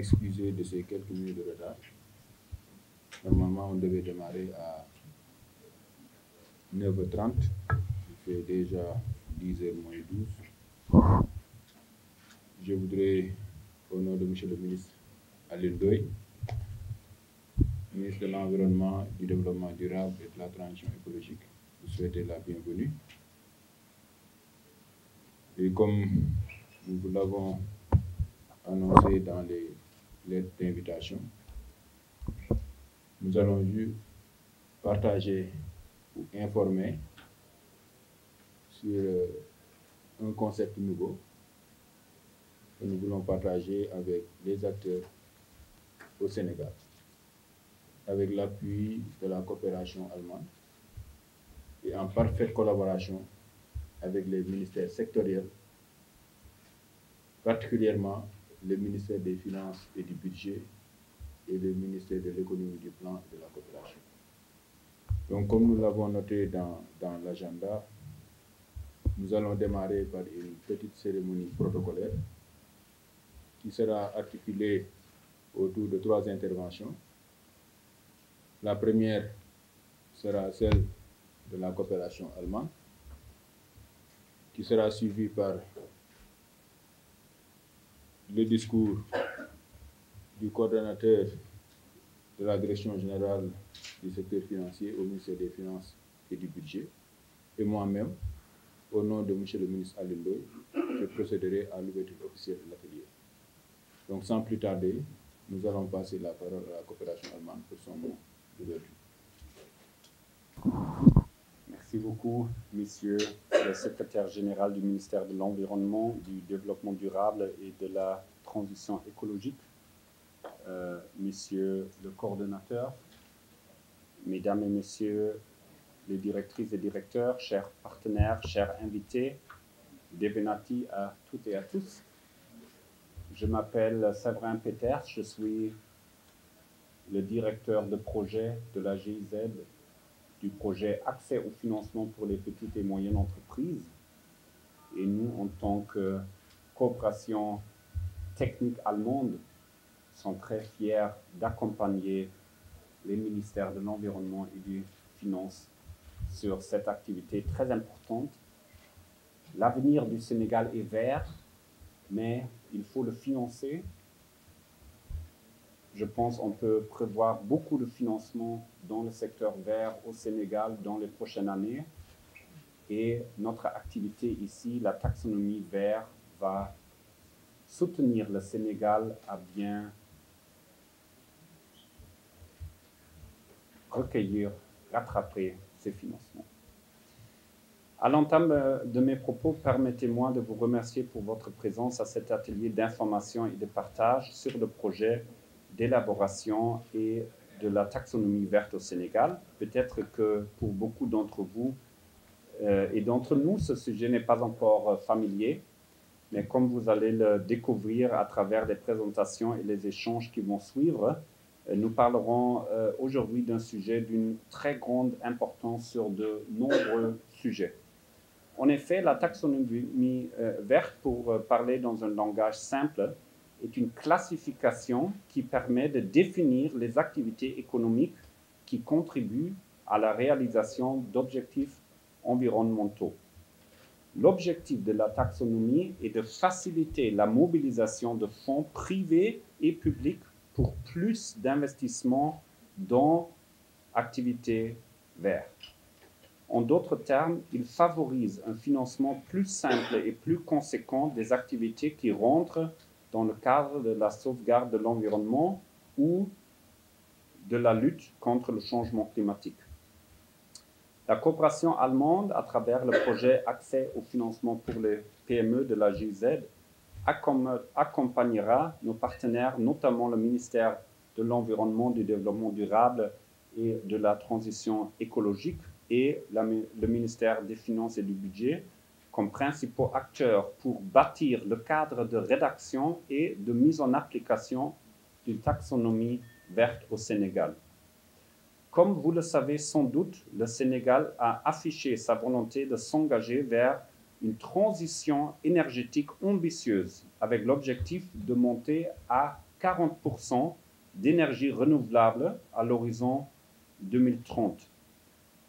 m'excuser de ces quelques minutes de retard. Normalement, on devait démarrer à 9h30. Il fait déjà 10h moins 12. Je voudrais, au nom de M. le ministre Alil Doy, ministre de l'Environnement, du Développement durable et de la Transition écologique, vous souhaiter la bienvenue. Et comme nous vous l'avons annoncé dans les l'aide d'invitation. Nous allons juste partager ou informer sur euh, un concept nouveau que nous voulons partager avec les acteurs au Sénégal, avec l'appui de la coopération allemande et en parfaite collaboration avec les ministères sectoriels, particulièrement le ministère des Finances et du Budget et le ministère de l'Économie, du Plan et de la Coopération. Donc, comme nous l'avons noté dans, l'agenda, nous allons démarrer par une petite cérémonie protocolaire qui sera articulée autour de trois interventions. La première sera celle de la coopération allemande, qui sera suivie par le discours du coordonnateur de la direction générale du secteur financier au ministère des Finances et du Budget, et moi-même, au nom de M. le ministre Alindoy, je procéderai à l'ouverture officielle de l'atelier. Donc sans plus tarder, nous allons passer la parole à la coopération allemande pour son mot d'ouverture. Merci beaucoup, messieurs le secrétaire général du ministère de l'Environnement, du Développement durable et de la Transition écologique, euh, Messieurs monsieur le coordonnateur, mesdames et messieurs les directrices et directeurs, chers partenaires, chers invités, Devenati à toutes et à tous. Je m'appelle Sabrin Peters, je suis le directeur de projet de la GIZ du projet Accès au financement pour les petites et moyennes entreprises. Et nous, en tant que coopération technique allemande, sommes très fiers d'accompagner les ministères de l'Environnement et du finance sur cette activité très importante. L'avenir du Sénégal est vert, mais il faut le financer je pense qu'on peut prévoir beaucoup de financement dans le secteur vert au Sénégal dans les prochaines années. Et notre activité ici, la taxonomie vert, va soutenir le Sénégal à bien recueillir, rattraper ces financements. À l'entame euh, de mes propos, permettez-moi de vous remercier pour votre présence à cet atelier d'information et de partage sur le projet d'élaboration et de la taxonomie verte au Sénégal. Peut-être que pour beaucoup d'entre vous euh, et d'entre nous, ce sujet n'est pas encore euh, familier, mais comme vous allez le découvrir à travers les présentations et les échanges qui vont suivre, euh, nous parlerons aujourd'hui d'un sujet d'une très grande importance sur de nombreux sujets. En effet, la taxonomie verte, pour parler dans un langage simple, est une classification qui permet de définir les activités économiques qui contribuent à la réalisation d'objectifs environnementaux. L'objectif de la taxonomie est de faciliter la mobilisation de fonds privés et publics pour plus d'investissements dans activités vertes. En d'autres termes, il favorise un financement plus simple et plus conséquent des activités qui rentrent dans le cadre de la sauvegarde de l'environnement ou de la lutte contre le changement climatique. La coopération allemande, à travers le projet Accès au financement pour les PME de la GIZ, accompagnera nos partenaires, notamment le ministère de l'Environnement, du Développement durable et de la transition écologique et le ministère des Finances et du Budget, comme principaux acteurs pour bâtir le cadre de rédaction et de mise en application d'une taxonomie verte au Sénégal. Comme vous le savez sans doute, le Sénégal a affiché sa volonté de s'engager vers une transition énergétique ambitieuse avec l'objectif de monter à 40% d'énergie renouvelable à l'horizon 2030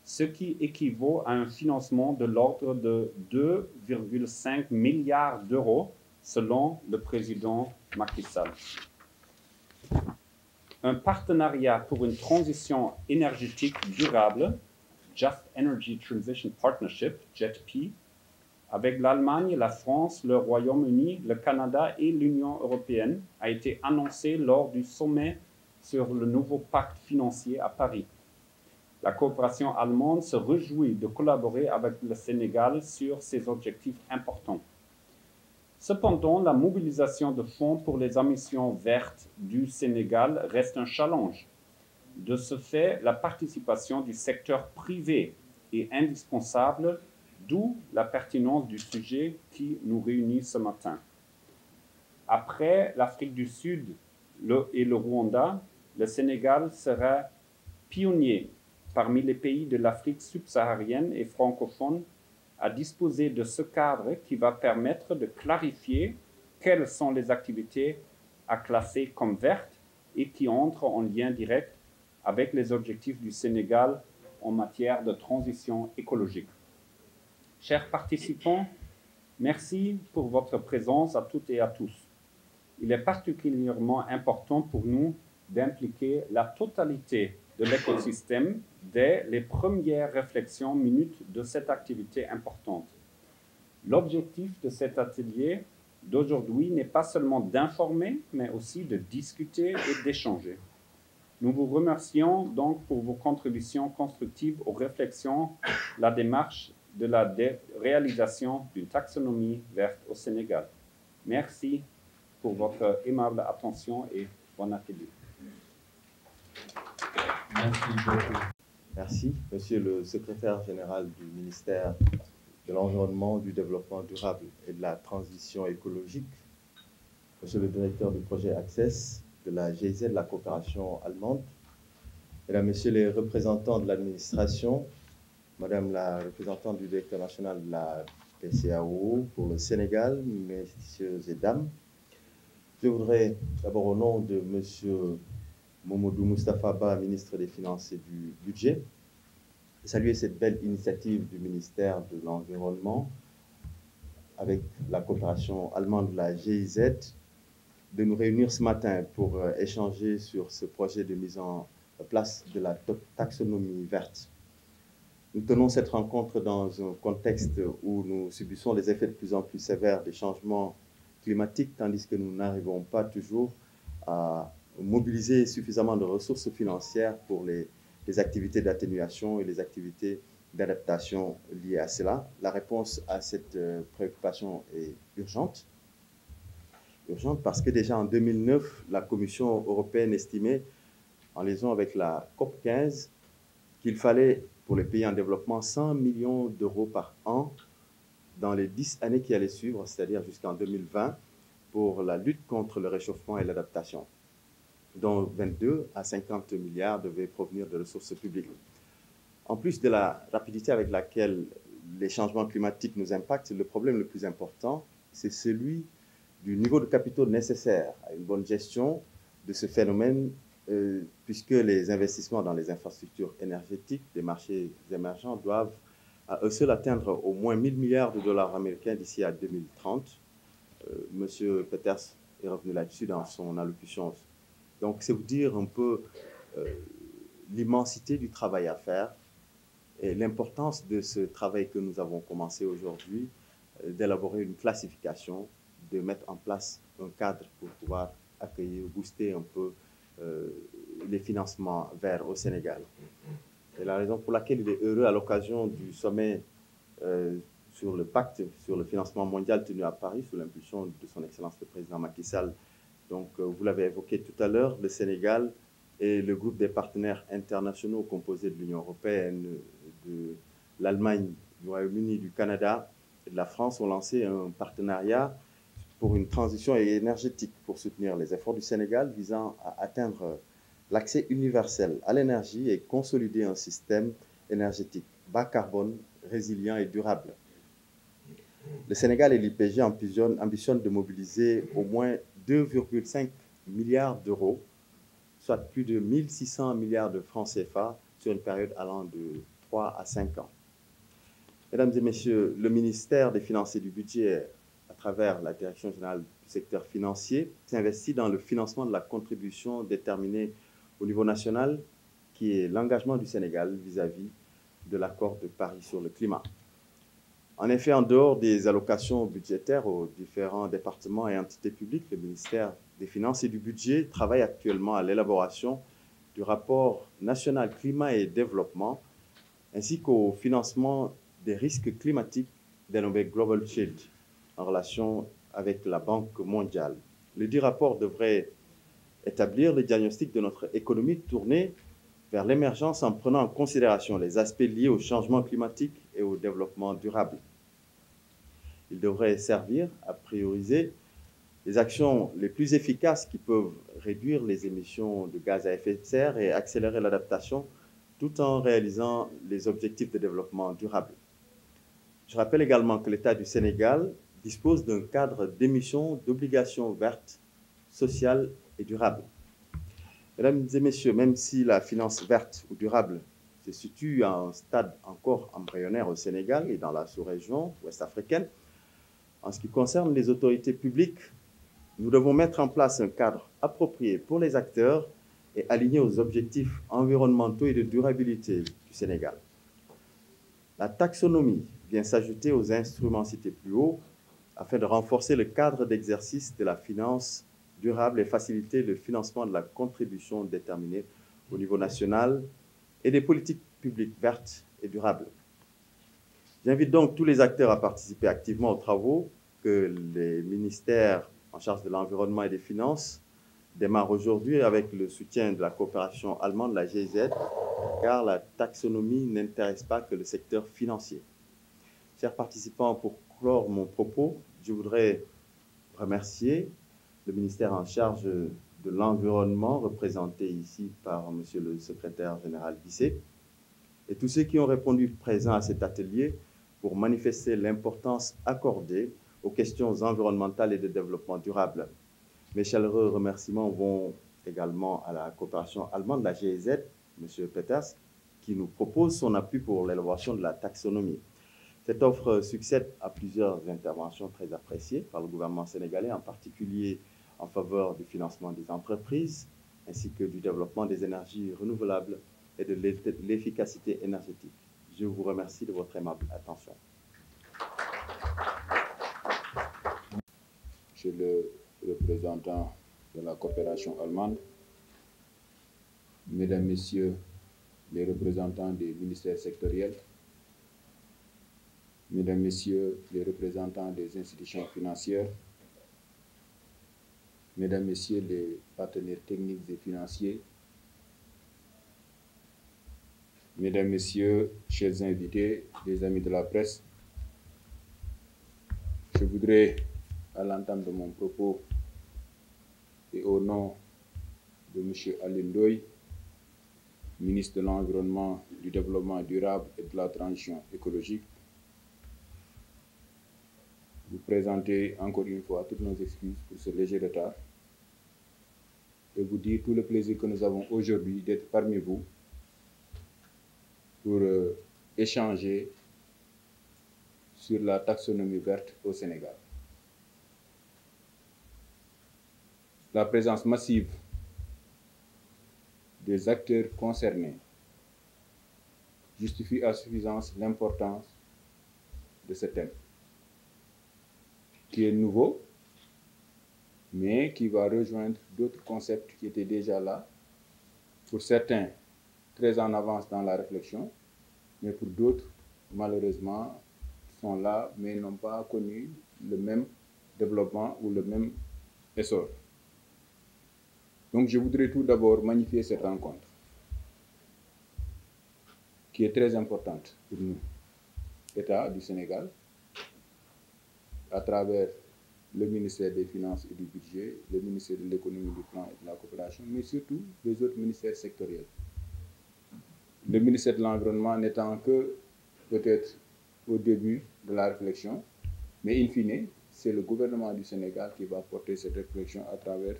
ce qui équivaut à un financement de l'ordre de 2,5 milliards d'euros, selon le président Macky Sall. Un partenariat pour une transition énergétique durable, Just Energy Transition Partnership, JETP, avec l'Allemagne, la France, le Royaume-Uni, le Canada et l'Union européenne, a été annoncé lors du sommet sur le nouveau pacte financier à Paris. La coopération allemande se réjouit de collaborer avec le Sénégal sur ces objectifs importants. Cependant, la mobilisation de fonds pour les ambitions vertes du Sénégal reste un challenge. De ce fait, la participation du secteur privé est indispensable, d'où la pertinence du sujet qui nous réunit ce matin. Après l'Afrique du Sud et le Rwanda, le Sénégal sera pionnier parmi les pays de l'Afrique subsaharienne et francophone à disposer de ce cadre qui va permettre de clarifier quelles sont les activités à classer comme vertes et qui entrent en lien direct avec les objectifs du Sénégal en matière de transition écologique. Chers participants, merci pour votre présence à toutes et à tous. Il est particulièrement important pour nous d'impliquer la totalité de l'écosystème dès les premières réflexions minutes de cette activité importante. L'objectif de cet atelier d'aujourd'hui n'est pas seulement d'informer, mais aussi de discuter et d'échanger. Nous vous remercions donc pour vos contributions constructives aux réflexions, la démarche de la réalisation d'une taxonomie verte au Sénégal. Merci pour votre aimable attention et bon atelier. Merci Monsieur le Secrétaire général du ministère de l'Environnement, du Développement durable et de la Transition écologique, Monsieur le Directeur du projet Access de la GIZ, de la coopération allemande, et Mesdames, monsieur les représentants de l'administration, Madame la représentante du directeur national de la PCAO pour le Sénégal, Messieurs et Dames, je voudrais d'abord au nom de Monsieur Momodou Moustapha Ba, ministre des Finances et du Budget, saluer cette belle initiative du ministère de l'Environnement avec la coopération allemande de la GIZ de nous réunir ce matin pour euh, échanger sur ce projet de mise en place de la taxonomie verte. Nous tenons cette rencontre dans un contexte où nous subissons les effets de plus en plus sévères des changements climatiques, tandis que nous n'arrivons pas toujours à mobiliser suffisamment de ressources financières pour les, activités d'atténuation et les activités d'adaptation liées à cela. La réponse à cette euh, préoccupation est urgente. Urgente parce que déjà en 2009, la Commission européenne estimait, en liaison avec la COP 15, qu'il fallait pour les pays en développement 100 millions d'euros par an dans les 10 années qui allaient suivre, c'est-à-dire jusqu'en 2020, pour la lutte contre le réchauffement et l'adaptation dont 22 à 50 milliards devaient provenir de ressources publiques. En plus de la rapidité avec laquelle les changements climatiques nous impactent, le problème le plus important, c'est celui du niveau de capitaux nécessaire à une bonne gestion de ce phénomène, euh, puisque les investissements dans les infrastructures énergétiques des marchés émergents doivent à eux seuls atteindre au moins 1 000 milliards de dollars américains d'ici à 2030. M. Euh, monsieur Peters est revenu là-dessus dans son allocution donc, c'est vous dire un peu euh, l'immensité du travail à faire et l'importance de ce travail que nous avons commencé aujourd'hui, euh, d'élaborer une classification, de mettre en place un cadre pour pouvoir accueillir, booster un peu euh, les financements verts au Sénégal. C'est la raison pour laquelle il est heureux à l'occasion du sommet sur le pacte sur le financement mondial tenu à Paris sous l'impulsion de son Excellence le Président Macky Sall donc, euh, vous l'avez évoqué tout à l'heure, le Sénégal et le groupe des partenaires internationaux composés de l'Union européenne, de l'Allemagne, du Royaume-Uni, du Canada et de la France ont lancé un partenariat pour une transition énergétique pour soutenir les efforts du Sénégal visant à atteindre l'accès universel à l'énergie et consolider un système énergétique bas carbone, résilient et durable. Le Sénégal et l'IPG ambitionnent de mobiliser au moins 2,5 milliards d'euros, soit plus de 1600 milliards de francs CFA sur une période allant de 3 à 5 ans. Mesdames et messieurs, le ministère des Finances et du Budget, à travers la Direction générale du secteur financier, s'investit dans le financement de la contribution déterminée au niveau national, qui est l'engagement du Sénégal vis à -vis de l'accord de Paris sur le climat. En effet, en dehors des allocations budgétaires aux différents départements et entités publiques, le ministère des Finances et du Budget travaille actuellement à l'élaboration du rapport national climat et développement, ainsi qu'au financement des risques climatiques dénommé Global Change en relation avec la Banque mondiale. Le dit rapport devrait établir le diagnostic de notre économie tournée vers l'émergence en prenant en considération les aspects liés au changement climatique, et au développement durable. Il devrait servir à prioriser les actions les plus efficaces qui peuvent réduire les émissions de gaz à effet de serre et accélérer l'adaptation tout en réalisant les objectifs de développement durable. Je rappelle également que l'État du Sénégal dispose d'un cadre d'émission d'obligations vertes, sociales et durables. Mesdames et messieurs, même si la finance verte ou durable se situe à un stade encore embryonnaire au Sénégal et dans la sous-région ouest africaine. En ce qui concerne les autorités publiques, nous devons mettre en place un cadre approprié pour les acteurs et aligné aux objectifs environnementaux et de durabilité du Sénégal. La taxonomie vient s'ajouter aux instruments cités plus haut afin de renforcer le cadre d'exercice de la finance durable et faciliter le financement de la contribution déterminée au niveau national et des politiques publiques vertes et durables. J'invite donc tous les acteurs à participer activement aux travaux que les ministères en charge de l'environnement et des finances démarrent aujourd'hui avec le soutien de la coopération allemande, la GIZ, car la taxonomie n'intéresse pas que le secteur financier. Chers participants, pour clore mon propos, je voudrais remercier le ministère en charge de l'environnement, représenté ici par M. le secrétaire général Bissé et tous ceux qui ont répondu présents à cet atelier pour manifester l'importance accordée aux questions environnementales et de développement durable. Mes chaleureux remerciements vont également à la coopération allemande, la GIZ, M. Peters, qui nous propose son appui pour l'élaboration de la taxonomie. Cette offre succède à plusieurs interventions très appréciées par le gouvernement sénégalais, en particulier en faveur du financement des entreprises ainsi que du développement des énergies renouvelables et de l'efficacité énergétique. Je vous remercie de votre aimable attention. Je le représentant de la coopération allemande, mesdames, messieurs les représentants des ministères sectoriels, mesdames, messieurs les représentants des institutions financières, mesdames, messieurs les partenaires techniques et financiers, mesdames, messieurs, chers invités, les amis de la presse, je voudrais, à l'entente de mon propos et au nom de M. Doy, ministre de l'Environnement, du Développement durable et de la Transition écologique, vous présenter encore une fois toutes nos excuses pour ce léger retard et vous dire tout le plaisir que nous avons aujourd'hui d'être parmi vous pour euh, échanger sur la taxonomie verte au Sénégal. La présence massive des acteurs concernés justifie à suffisance l'importance de ce thème qui est nouveau, mais qui va rejoindre d'autres concepts qui étaient déjà là, pour certains très en avance dans la réflexion, mais pour d'autres, malheureusement, sont là, mais n'ont pas connu le même développement ou le même essor. Donc je voudrais tout d'abord magnifier cette rencontre, qui est très importante pour nous, État du Sénégal, à travers le ministère des Finances et du Budget, le ministère de l'Économie, du Plan et de la Coopération, mais surtout les autres ministères sectoriels. Le ministère de l'Environnement n'étant que peut-être au début de la réflexion, mais in fine, c'est le gouvernement du Sénégal qui va porter cette réflexion à travers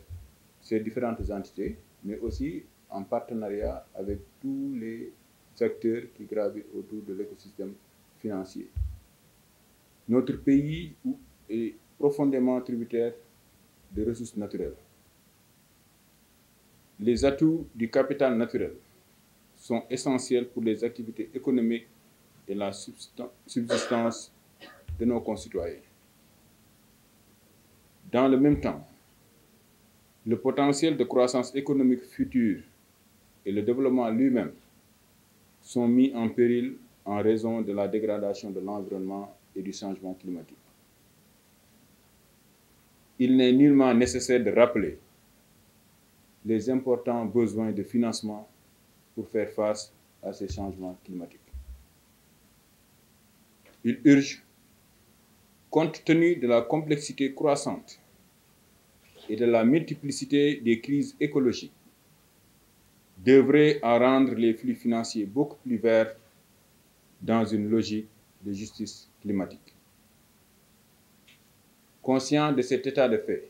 ces différentes entités, mais aussi en partenariat avec tous les secteurs qui gravitent autour de l'écosystème financier. Notre pays est profondément tributaire des ressources naturelles. Les atouts du capital naturel sont essentiels pour les activités économiques et la subsistance de nos concitoyens. Dans le même temps, le potentiel de croissance économique future et le développement lui-même sont mis en péril en raison de la dégradation de l'environnement et du changement climatique. Il n'est nullement nécessaire de rappeler les importants besoins de financement pour faire face à ces changements climatiques. Il urge, compte tenu de la complexité croissante et de la multiplicité des crises écologiques, devrait à rendre les flux financiers beaucoup plus verts dans une logique de justice climatique. Conscient de cet état de fait,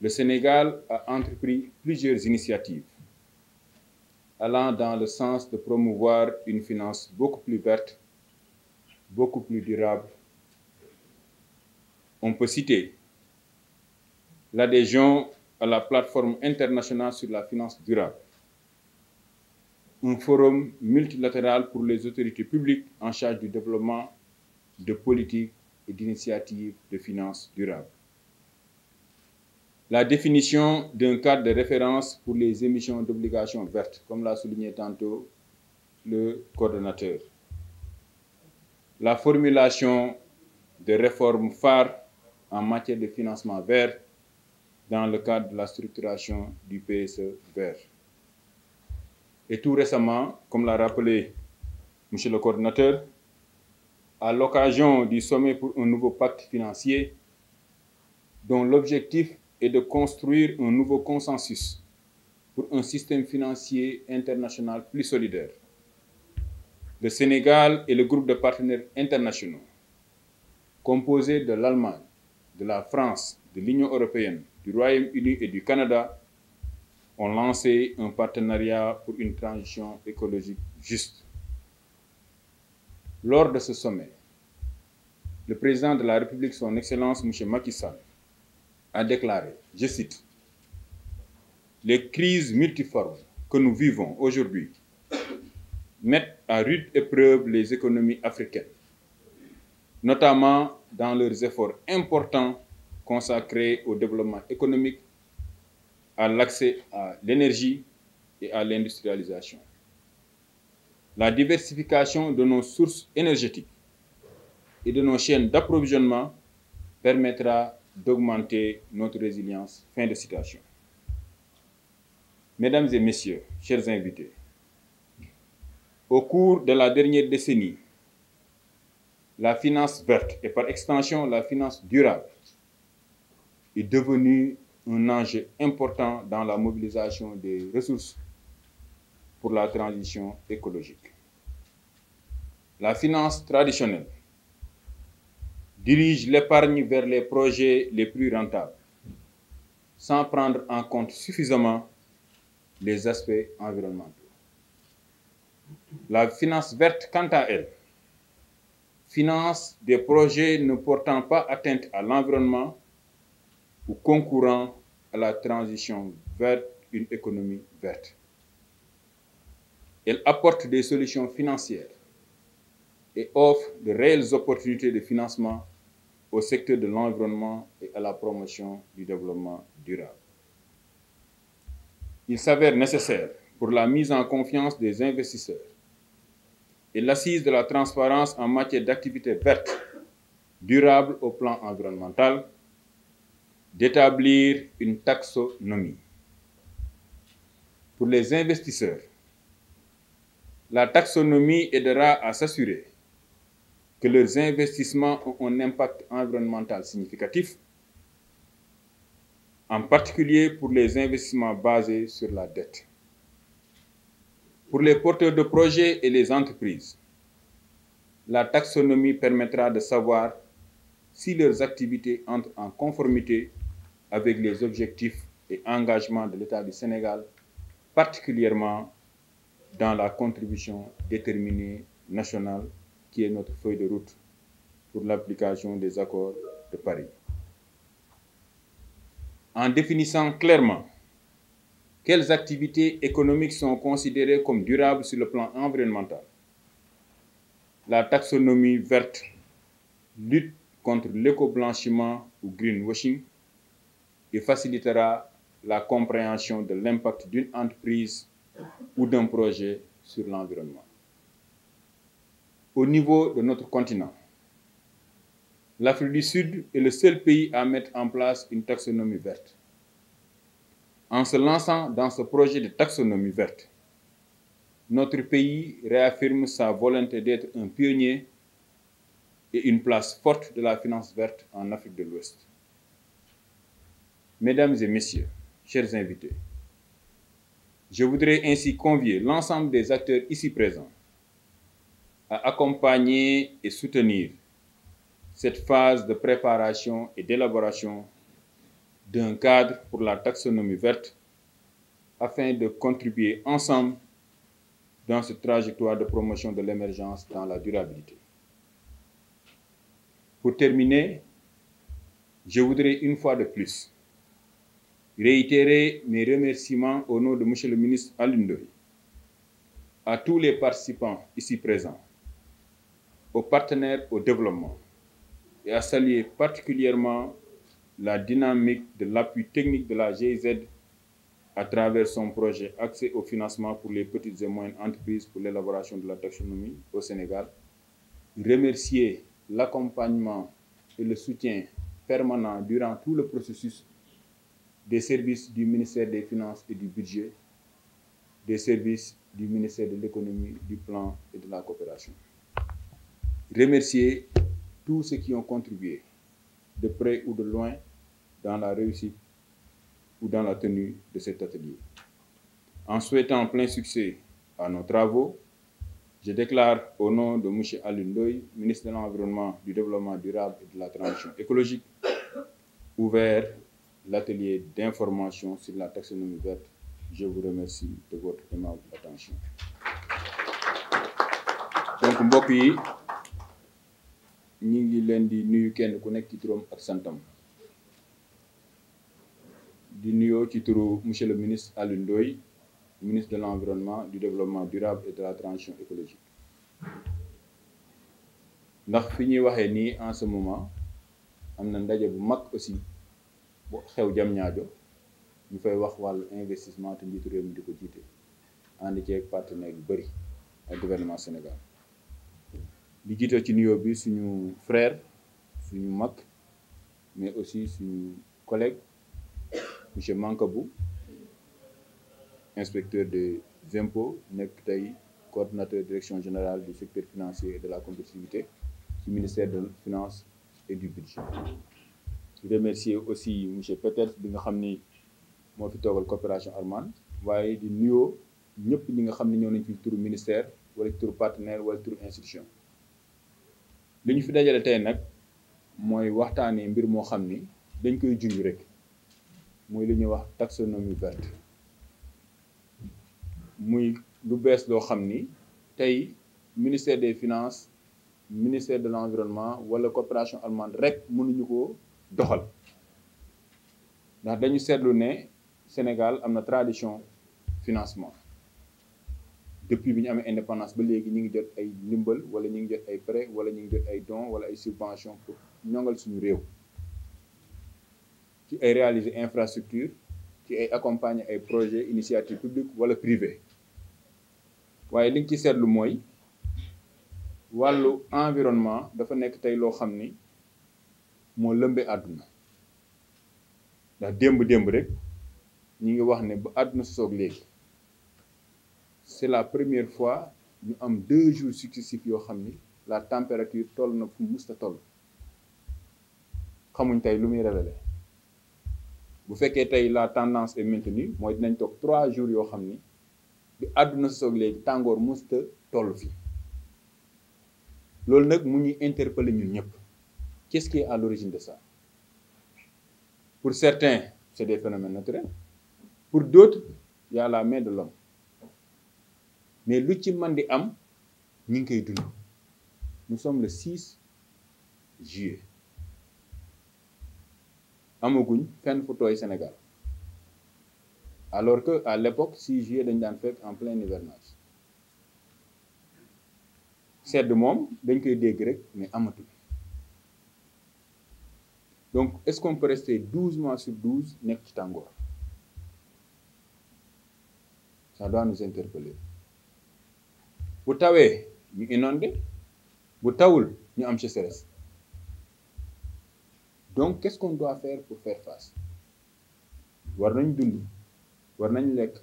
le Sénégal a entrepris plusieurs initiatives allant dans le sens de promouvoir une finance beaucoup plus verte, beaucoup plus durable. On peut citer l'adhésion à la plateforme internationale sur la finance durable, un forum multilatéral pour les autorités publiques en charge du développement de politiques et d'initiatives de finances durables. La définition d'un cadre de référence pour les émissions d'obligations vertes, comme l'a souligné tantôt le coordonnateur. La formulation de réformes phares en matière de financement vert dans le cadre de la structuration du PSE vert. Et tout récemment, comme l'a rappelé M. le coordinateur, à l'occasion du sommet pour un nouveau pacte financier, dont l'objectif est de construire un nouveau consensus pour un système financier international plus solidaire. Le Sénégal et le groupe de partenaires internationaux, composés de l'Allemagne, de la France, de l'Union européenne, du Royaume-Uni et du Canada, ont lancé un partenariat pour une transition écologique juste. Lors de ce sommet, le président de la République, son Excellence M. Macky a déclaré, je cite, Les crises multiformes que nous vivons aujourd'hui mettent à rude épreuve les économies africaines, notamment dans leurs efforts importants consacrés au développement économique à l'accès à l'énergie et à l'industrialisation. La diversification de nos sources énergétiques et de nos chaînes d'approvisionnement permettra d'augmenter notre résilience. Fin de citation. Mesdames et messieurs, chers invités, au cours de la dernière décennie, la finance verte et par extension la finance durable est devenue un enjeu important dans la mobilisation des ressources pour la transition écologique. La finance traditionnelle dirige l'épargne vers les projets les plus rentables, sans prendre en compte suffisamment les aspects environnementaux. La finance verte, quant à elle, finance des projets ne portant pas atteinte à l'environnement ou concourant à la transition vers une économie verte. Elle apporte des solutions financières et offre de réelles opportunités de financement au secteur de l'environnement et à la promotion du développement durable. Il s'avère nécessaire pour la mise en confiance des investisseurs et l'assise de la transparence en matière d'activités vertes durables au plan environnemental d'établir une taxonomie. Pour les investisseurs, la taxonomie aidera à s'assurer que leurs investissements ont un impact environnemental significatif, en particulier pour les investissements basés sur la dette. Pour les porteurs de projets et les entreprises, la taxonomie permettra de savoir si leurs activités entrent en conformité avec les objectifs et engagements de l'État du Sénégal, particulièrement dans la contribution déterminée nationale qui est notre feuille de route pour l'application des accords de Paris. En définissant clairement quelles activités économiques sont considérées comme durables sur le plan environnemental, la taxonomie verte lutte contre l'éco-blanchiment ou greenwashing et facilitera la compréhension de l'impact d'une entreprise ou d'un projet sur l'environnement. Au niveau de notre continent, l'Afrique du Sud est le seul pays à mettre en place une taxonomie verte. En se lançant dans ce projet de taxonomie verte, notre pays réaffirme sa volonté d'être un pionnier et une place forte de la finance verte en Afrique de l'Ouest. Mesdames et messieurs, chers invités, je voudrais ainsi convier l'ensemble des acteurs ici présents à accompagner et soutenir cette phase de préparation et d'élaboration d'un cadre pour la taxonomie verte afin de contribuer ensemble dans cette trajectoire de promotion de l'émergence dans la durabilité. Pour terminer, je voudrais une fois de plus réitérer mes remerciements au nom de M. le ministre Alundoy, à tous les participants ici présents, aux partenaires au développement et à saluer particulièrement la dynamique de l'appui technique de la GIZ à travers son projet Accès au financement pour les petites et moyennes entreprises pour l'élaboration de la taxonomie au Sénégal. Remercier l'accompagnement et le soutien permanent durant tout le processus des services du ministère des Finances et du Budget, des services du ministère de l'Économie, du Plan et de la Coopération. Remercier tous ceux qui ont contribué, de près ou de loin, dans la réussite ou dans la tenue de cet atelier. En souhaitant plein succès à nos travaux, je déclare au nom de M. Alundoy, ministre de l'Environnement, du Développement durable et de la Transition écologique, ouvert l'atelier d'information sur la taxonomie verte. Je vous remercie de votre aimable attention. donc mbokk nous le ministre à ministre de l'environnement du développement durable et de la transition écologique Nous avons fini en ce moment Nous avons ndaje aussi bu xew jam ñaajo ñu fay wax investissement te de réew mi partenaire de gouvernement Sénégal Nous avons ci nuyoo bi suñu frère mais aussi nos collègues, M. Mankabou inspecteur des impôts nekk tay coordonnateur direction générale du secteur financier et de la compétitivité du ministère de finance et du budget Je remercie aussi M. Peters bi nga xam la fi coopération Arman waaye di nouveau ñëpp ñi nga xam ne ñoo nañ ministère wala turu partenaire wala turu institution Ce que fi avons fait nag mooy waxtaanee mbir avons xam ni dañ koy junj rek wax taxonomie verte muy lu bees loo ministère des finances ministère de l'environnement la coopération allemande rek mënuñu ko doxal ndax dañu seetlu Sénégal a na tradition financement depuis bi ñu amee indépendance ba léegi ñu ngi jot ay ndimbal wala ñu ngi ay wala dons wala ay subventions pour ñongal suñu réew ci ay réaliser infrastructure ci ay accompagner ay projets initiative publique wala waaye li nga ci seetlu mooy wàllu environnement dafa nekk tey loo xam ni moo lëmbee àdduna ndax démb démb rek ñi ngi wax ne ba àdduna soog léegi c'est la première fois ñu am deux jours successifs yoo xam ni la température toll na fu musta toll xamuñ tey lu muy révélé bu fekkee tey la tendance est maintenue mooy dinañ toog trois jours yoo xam ni bi àdduna soog léegi tàngoor musta toll fii loolu nag mu ñuy interpeller ñun ñëpp qu'est-ce qui est à l'origine de ça pour certains c'est des phénomènes naturels pour d'autres il y a la main de l'homme mais lu ci man di am ñu ngi dund nous sommes le 6 juillet amaguñ fenn fu tooy Sénégal alors que à l'époque 6 juillet dañ daan en plein hivernage sedd moom y koy des Grecs, mais amatul donc est-ce qu'on peut rester 12 mois sur 12 nek Tangor ça doit nous interpeller bu tawee inondé savez, tawul am donc qu'est-ce qu'on doit faire pour faire face war nañ war nañ lekk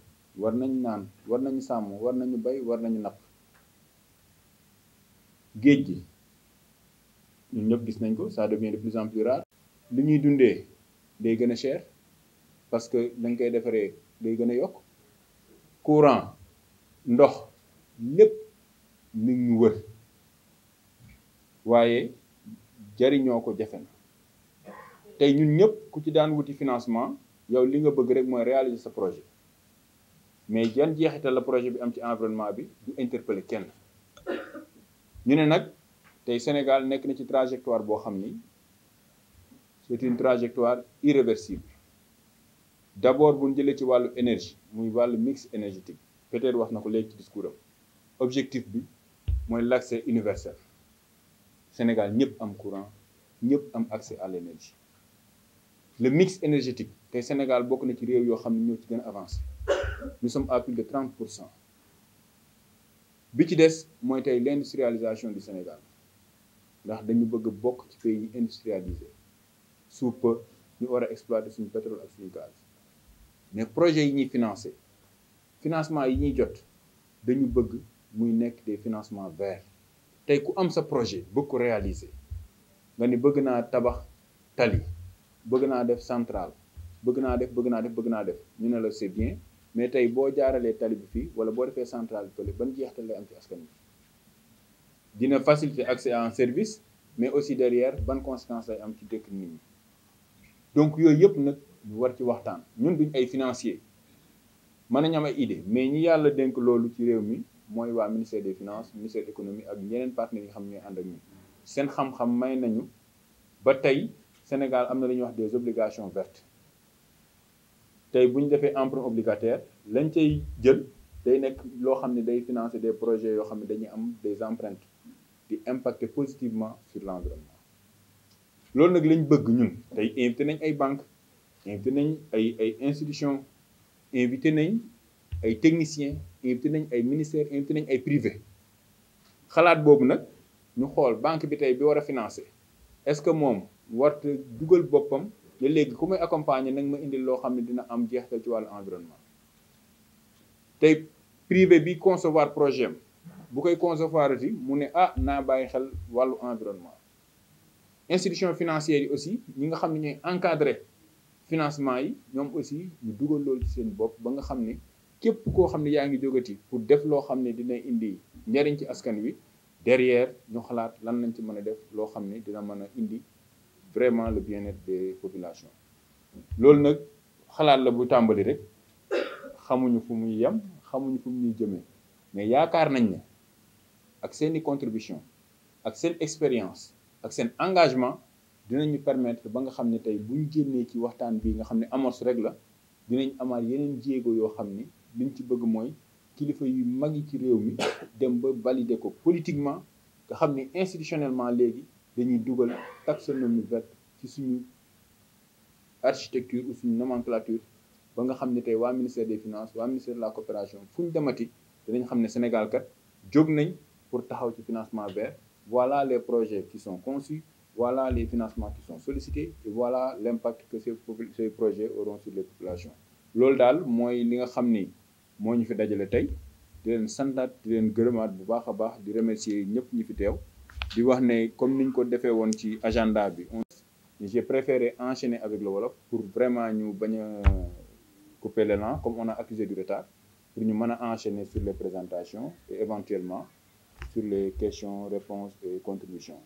war nañ naan war nañu sàmm war nañu bay war nañu napp géej gi ñun ñëpp gis nañ ko ça devient de plus en plus li ñuy dundee day gën a cher parce que dañ koy defaree day gën a yokk courant ndox lépp mi ngi wër waaye jariñoo ko jafe na tey ñun ñëpp ku ci daan wuti financement yow li nga bëgg rek mooy réaliser sa projet mais jan jeexital la projet bi am ci environnement bi du interpeller kenn ñu ne nag tey Sénégal nekk na ci trajectoire boo xam ni c'est une trajectoire irréversible d'abord bu ñu jëlee ci wàllu énergie muy wàllu mix énergétique peut-être wax na ko léegi ci discours am objectif bi mooy l'accès universel Sénégal ñëpp am courant ñëpp am accès à l'énergie le mix énergétique le Sénégal bokk na nous sommes à plus de 30 pour cent bi l'industrialisation du Sénégal Nous dañu bëgg a pays industrialisés. industrialisé sous peu nous war exploiter pétrole et le gaz mais projets sont financés. Le financement yi ñuy jot dañu bëgg des financements verts Nous ku am sa projet beaucoup réalisé. réaliser nga ni bëgg tabax tali bëgg naa def centrale bëgg naa def bëgg naa def bëgg naa def ñu ne la c'est bien mais tey boo jaaralee tali bi fii wala boo defee centrale bi fële ban jeexital lay am ci askan bi dina faciliter accès à un service mais aussi derrière ban conséquence lay am ci dëkk nit ñi donc yooyu yëpp nag war ci waxtaan ñun duñ ay financier mën nañu am ay idée mais ñi yàlla dénk loolu ci réew mi mooy waa ministère des finances ministère de l'économie ak yeneen partenaires yi nga xam ñooy ànd ak ñun seen xam-xam may nañu ba tey Sénégal amna na wax des obligations vertes tay bu défé emprunt obligataire lañ cay jël day nek lo xamné day financer des projets yo xamné dañuy am des empreintes di impacter positivement sur l'environnement lool nak lañ bëgg ñun tay invité nañ ay banques invité nañ ay ay institutions invité nañ ay techniciens invité nañ ay ministères invité nañ ay privés xalaat bobu nak ñu xol banque bi tay bi wara financer. est-ce que moom warut dugal boppam ne léegi ku may accompagner nag ma indil loo xam ne dina am jeexital ci wàllu environnement tey privé bi concevoir projet am bu koy concevoir ti mu ne ah naa bàyyi xel wàllu environnement institution financière yi aussi ñi nga xam ne ñooy encadrer financement yi ñoom aussi ñu dugal loolu ci seen bopp ba nga xam ne képp koo xam ne yaa ngi jógati pour def loo xam ne dina indi njariñ ci askan wi derrière ñu xalaat lan lañ ci mën a def loo xam ne dina mën a indi vraiment le bien-être des populations loolu nag xalaat la bu tàmbali rek xamuñu fu muy yem xamuñu fu muy jëmee mais yaakaar nañ ne ak seeni contribution ak seen expérience ak seen engagement dinañu permettre ba nga xam ne tey buñ génnee ci waxtaan bii nga xam ne amorce rek la dinañ amaat yeneen jéego yoo xam ni liñ ci bëgg mooy kilifa yu magi ci réew mi dem ba valider ko politiquement nga xam institutionnellement léegi dañuy dugal taxonomie verte ci suñu architecture ou suñu nomenclature ba nga xam ne tey waa ministère des finances waa ministère de la coopération fu demati dinañ xam Sénégal kat jóg nañ pour taxaw ci financement vert voilà les projets qui sont conçus voilà les financements qui sont sollicités et voilà l'impact que ces projets auront sur les populations loolu daal mooy li nga xam ni moo ñu fi dajale tey di leen santaat di leen gërëmaat bu baax a baax di remercier ñëpp ñi fi teew di wax ne comme niñ ko defee woon ci agenda bi j'ai préféré enchaîner avec le wolof pour vraiment ñu bañ a couper l'élan comme on a accusé du retard pour ñu mën enchaîner sur les présentations et éventuellement sur les questions réponses et contributions